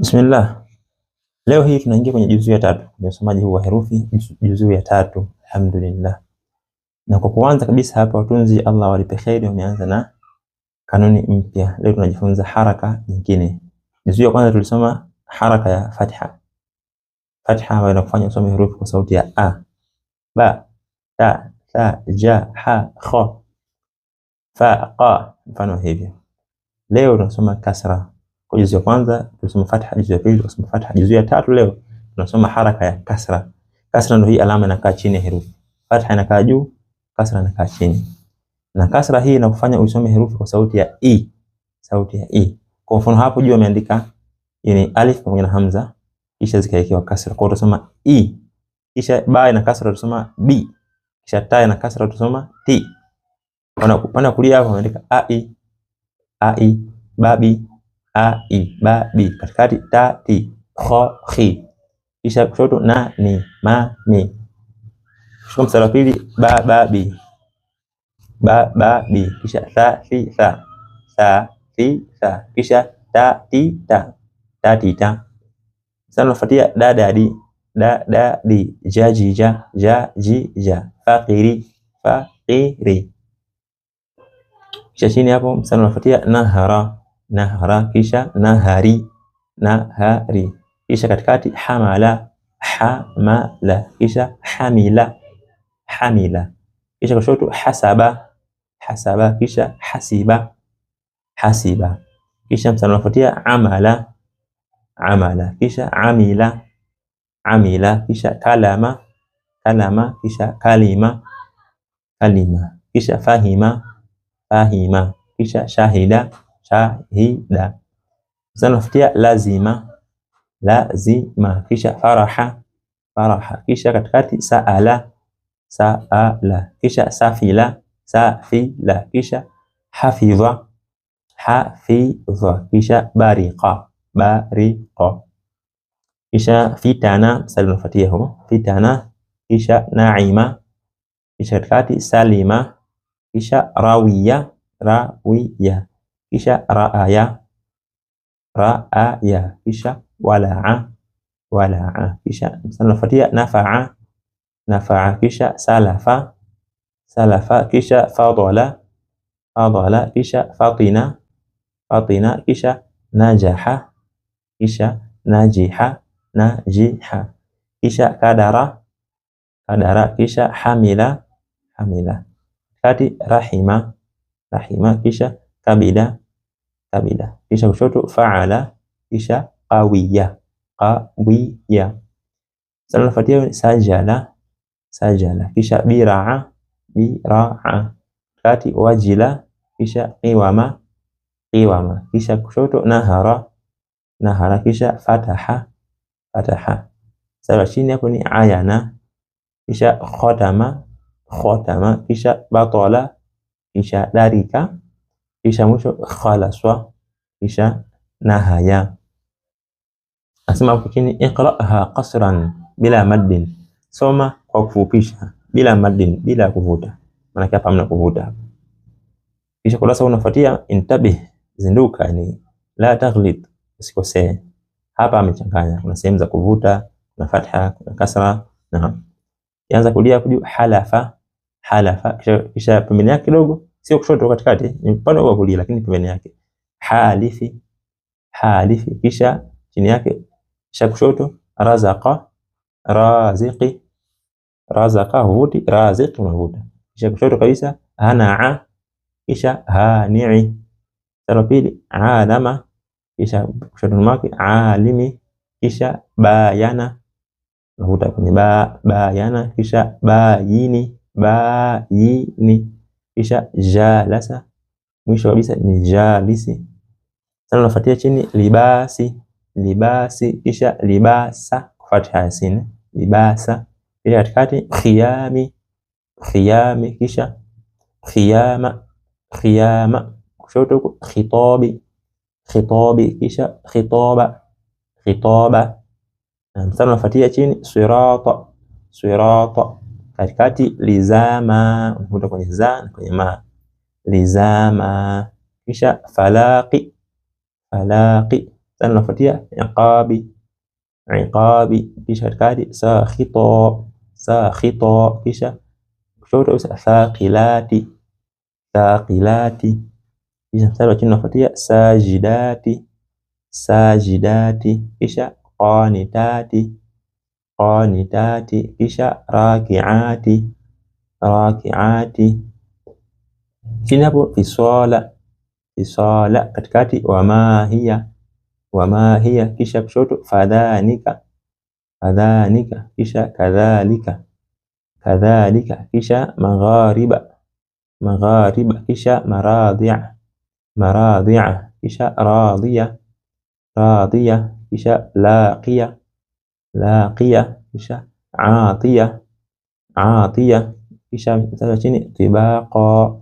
Bismillah. Leo hii tunaingia kwenye juzuu ya tatu, kwenye usomaji huu wa herufi juzuu ya tatu. Alhamdulillah. Na kwa kuanza kabisa hapa, watunzi Allah walipe kheri, wameanza na kanuni mpya. Leo tunajifunza haraka nyingine. Juzuu ya kwanza tulisoma haraka ya fatha. Fatha ambayo inakufanya usome herufi kwa sauti ya a, ba, ta, ta, ja, ha, kha, fa, qa, mfano hivyo. Leo tunasoma kasra kwa juzu ya kwanza tulisoma fatha, juzu ya pili tukasoma fatha, juzu ya tatu leo tunasoma haraka ya kasra. Kasra ndio hii alama inakaa chini ya herufi. Fatha inakaa juu, kasra inakaa chini. Na kasra hii inakufanya usome herufi kwa sauti ya i, sauti ya i. Kwa mfano hapo juu ameandika yani alif pamoja na hamza kisha zikaekewa kasra. Kwa utasoma i. Kisha ba ina kasra utasoma b. Kisha ta ina kasra utasoma t. Kwa upande wa kulia hapo ameandika ai, ai, babi a i ba bi, katikati ta ti kho khi, kisha kushoto na ni ma mi. Shika mstari wa pili ba ba bi ba ba bi, kisha tha thi tha tha thi tha, kisha ta ti ta ta ti ta. Sasa unafuatia da da di da da di ja ji ja ja ji ja faqiri faqiri, kisha chini hapo mstari unafuatia nahara nahara kisha nahari nahari kisha katikati hamala hamala kisha hamila hamila kisha kushoto hasaba hasaba kisha hasiba hasiba kisha msana unafuatia amala amala kisha amila amila kisha kalama kalama kisha kalima kalima kisha fahima fahima kisha shahida shahida. Zanafuatia lazima lazima, kisha faraha faraha, kisha katikati saala saala, kisha safila safila, kisha hafidha hafidha, kisha bariqa bariqa, kisha fitana salifatiahu fitana, kisha naima, kisha katikati salima, kisha rawiya rawiya kisha raaya raaya, kisha walaa walaa, kisha nafuatia nafaa nafaa, kisha salafa salafa, kisha fadala fadala, kisha fatina fatina, kisha najaha kisha najiha najiha, kisha kadara kadara, kisha hamila hamila, kati rahima rahima, kisha kabida kabida, kisha kushoto faala, kisha qawiya qawiya, sanafatia sajala sajala, kisha biraa biraa, kati wajila, kisha qiwama qiwama, kisha kushoto nahara nahara, kisha fataha fataha. Sasa chini hapo ni ayana, kisha khatama khatama, kisha batala, kisha darika kisha mwisho khalaswa, kisha nahaya. Asema hapo chini iqraha qasran bila maddin, soma kwa kufupisha, bila maddin, bila kuvuta. Maana hapa hamna kuvuta. Kisha kurasa unafuatia intabih, zinduka, yani la taghlid, usikosee. Hapa amechanganya, kuna sehemu za kuvuta, kuna fatha, kuna kasra. Naam, anza kulia kujua halafa, halafa, kisha pembeni yake kidogo sio kushoto katikati, ni upande wa kulia, lakini pembeni yake halifi halifi, kisha chini yake, kisha kushoto razaqa raziqi razaqa, huvuti raziqi, unavuta, kisha kushoto kabisa hanaa, kisha hanii, sala pili alama, kisha kushoto mwake alimi, kisha bayana, unavuta kwenye ba bayana, kisha bayini bayini kisha jalasa, mwisho kabisa ni jalisi. Sasa unafuatia chini libasi, libasi, kisha libasa kufuatia yasin, libasa, kisha katikati khiyami, khiyami, kisha khiyama, khiyama, kushoto huko khitabi, khitabi, kisha khitaba, khitaba. Sasa unafuatia chini sirata, sirata katikati lizama, unakuta kwenye za na kwenye ma lizama. Kisha falaqi, falaqi sana, nafuatia iqabi, iqabi. Kisha katikati sakhita, sakhita. Kisha kushoto usa thaqilati, thaqilati. Kisha mstari wa chini unafuatia sajidati, sajidati. Kisha qanitati قانتات كشا راكعات راكعات شنبو في صالة في صالة كتكاتي وما هي وما هي كشا بشوتو فذانك فذانك كشا كذلك كذلك كشا مغاربة مغاربة كشا مراضع مراضع كشا راضية راضية كشا لاقية لاقية إيشا عاطية عاطية إيشا مثلا شنو طباقا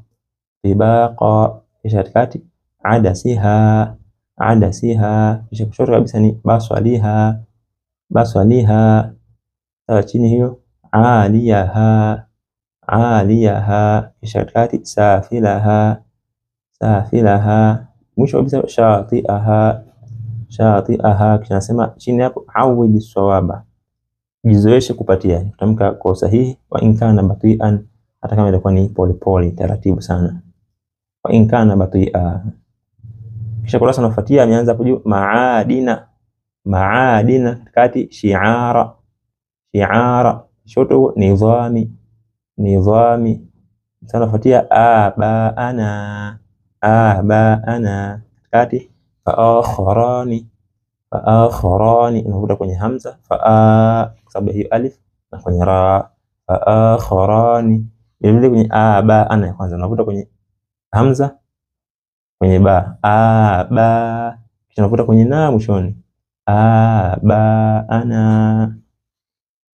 طباقا إيشا تكاتي عدسها عدسها إيشا كشور كابسا ني باسواليها باسواليها مثلا شنو هيو عاليها عاليها إيشا تكاتي سافلها سافلها مش بس شاطئها shatiaha, kinasema chini hapo, awidi sawaba, jizoeshe kupatia kutamka kwa sahihi. Wa inkana batian, hata kama itakuwa ni polepole taratibu sana. Wa inkana batia. Kisha kurasa unafuatia ameanza hapo juu, maadina maadina, katikati shiara shiara, shoto nidhami nidhami sana, nafuatia abaana abaana, katikati faakharani faakharani, unavuta kwenye hamza faa kwa sababu hiyo alif na kwenye ra. Faakharani vile kwenye aba, ana ya kwanza unavuta kwenye hamza kwenye ba ba kisha unavuta kwenye na mwishoni aba ana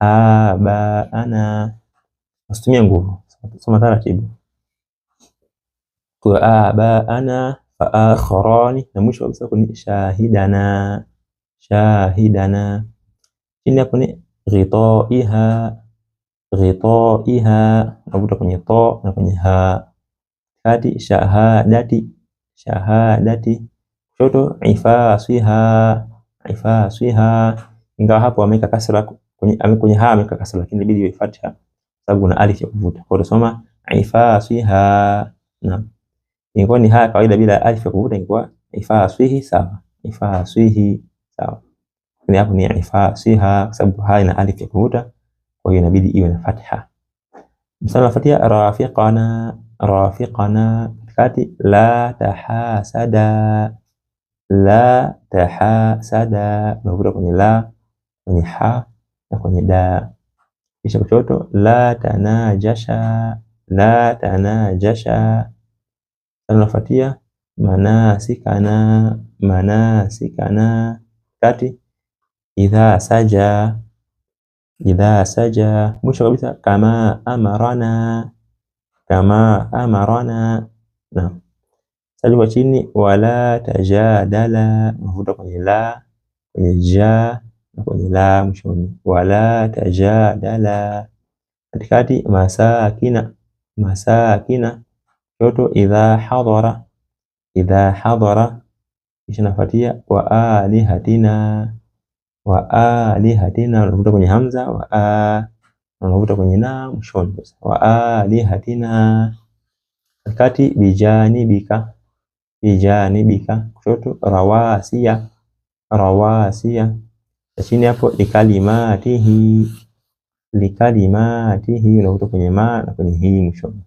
aba ana, usitumie nguvu, soma taratibu, aba ana fa akharani, na mwisho kabisa kuni shahidana shahidana. Chini hapo ni ghitaiha ghitaiha, navuta kwenye to na kwenye ha kati. Shahadati shahadati, kushoto ifasiha ifasiha, ingawa hapo ameweka kasra kwenye kwenye ha ameweka kasra, lakini inabidi iwe sababu kuna alif ya kuvuta. Kwa hiyo tunasoma ifasiha. Naam. ingekuwa ni haya kawaida bila alif ya kuvuta ingekuwa ifaa swihi sawa, ifaa swihi sawa, lakini hapo ni ifaa swiha kwa sababu haya na alif ya kuvuta, kwa hiyo inabidi iwe na fatha. Msala fatia rafiqana, rafiqana katikati, la tahasada, la tahasada, unavuta kwenye la kwenye ha na kwenye da, kisha kushoto la tanajasha, la tanajasha Linalofuatia manasikana manasikana, kati idha saja idha saja, mwisho kabisa kama amarana kama amarana. Naam, sali kwa chini. Wala tajadala, unavuta kwenye la kwenye ja na kwenye la mwishoni. Wala tajadala, katikati. Masakina masakina Mtoto idha hadhara, idha hadhara, kisha nafuatia wa alihatina, wa alihatina, unavuta kwenye hamza, wa a, unavuta kwenye na mshoni, wa alihatina. Katikati bijanibika, bijanibika, kushoto rawasia, rawasiya, chini hapo likalimatihi, likalimatihi, unavuta kwenye ma na kwenye hii mshoni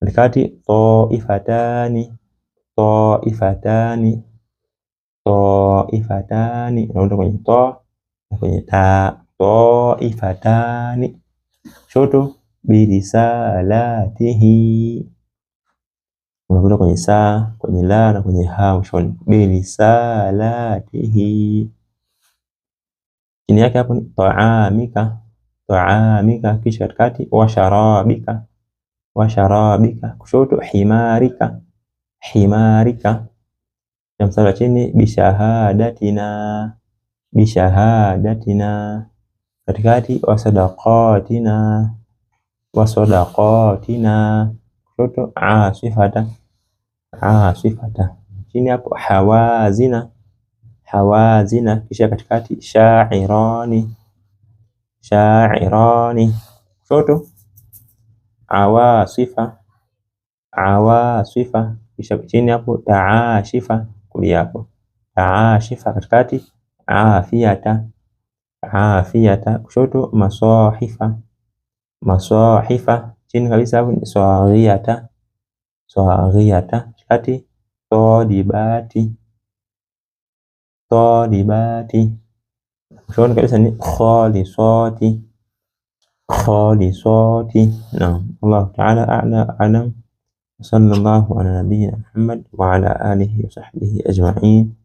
Katikati toifatani toifatani toifatani unaunda kwenye to na kwenye ta. Taifatani shoto birisalatihi, unakuta kwenye saa kwenye la na kwenye ha mwishoni, birisalatihi. Chini yake hapo ni taamika taamika, kisha katikati washarabika wa sharabika, kushoto himarika, himarika na mstari wa chini bishahadatina, bishahadatina katikati wa sadaqatina. kushoto asifata, asifata chini hapo hawazina hawazina kisha katikati sha'irani sha'irani kushoto awasifa awasifa, kisha chini hapo taashifa kulia hapo taashifa, katikati afiata afiata, kushoto masahifa masahifa, chini kabisa hapo ni sawiyata sawiyata, katikati todibati todibati, kushoto kabisa ni khalisati khalisati. Naam. الله تعالى أعلى أعلم وصلى الله على نبينا محمد وعلى آله وصحبه أجمعين